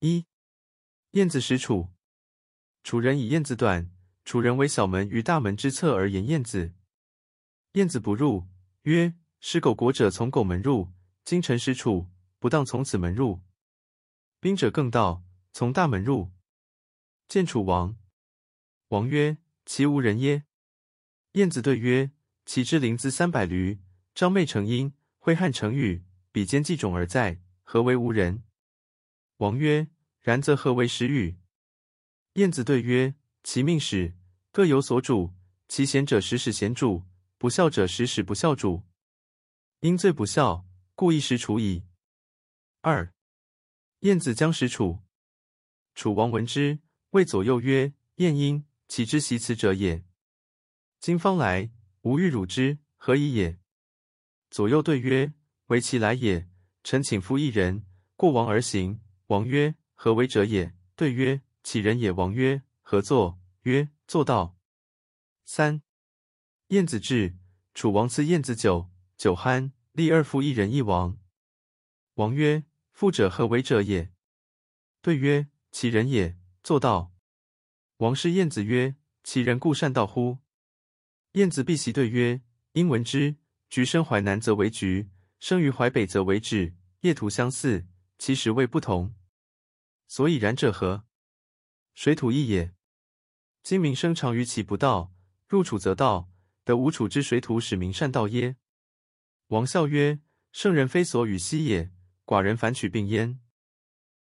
一晏子使楚，楚人以晏子短，楚人為小門於大門之側而延晏子，晏子不入，曰：使狗國者從狗門入，今臣使楚，不當從此門入。儐者更道，從大門入，見楚王。王曰：齊無人耶？晏子對曰：齊之臨淄三百閭，張袂成陰，揮汗成雨，比肩繼踵而在，何為無人？王曰。然則何為使予？晏子對曰：“齊命使，各有所主。其賢者使使賢主，不肖者使使不肖主。嬰最不肖，故宜使楚矣。”二，晏子將使楚。楚王聞之，謂左右曰：“晏嬰，齊之習辭者也。今方來，吾欲辱之，何以也？”左右對曰：“為其來也，臣請縛一人過王而行。”王曰：何為者也？對曰：其人也。王曰：何作？曰：做道。三。晏子至，楚王賜晏子酒，酒酣，立二夫一人一王。王曰：富者何為者也？對曰：其人也。做道。王師晏子曰：其人故善道乎？晏子必席對曰：因聞之，橘生淮南則為橘，生於淮北則為枳，業徒相似，其實味不同。所以然者何？水土異也。今民生長於齊不盜，入楚則盜，得無楚之水土，使民善盜耶？王笑曰：聖人非所與熙也，寡人反取病焉。